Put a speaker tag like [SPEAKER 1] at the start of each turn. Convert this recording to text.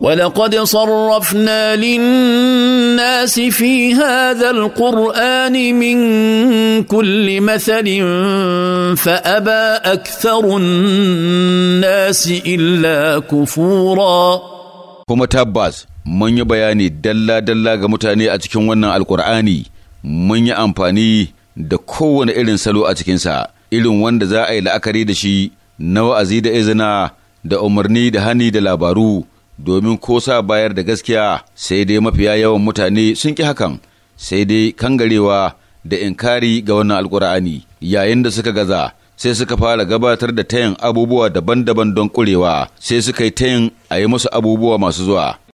[SPEAKER 1] ولقد صرفنا للناس في هذا القران من كل مثل فابى اكثر الناس الا كفورا
[SPEAKER 2] كما تباز من يبياني دلا دلا غمتاني اتكن ونا القراني من يامفاني دكون إلن سلو اتكن سا الين وند زا اي دشي نو ازيد ازنا دا عمرني دهني دلا بارو domin ko sa bayar da gaskiya sai dai mafiya yawan mutane sun ki hakan sai dai kangarewa da inkari ga wannan alkur'ani yayin da suka gaza sai suka fara gabatar da tayin abubuwa daban-daban don ƙurewa sai suka yi tayin a yi musu abubuwa
[SPEAKER 3] masu zuwa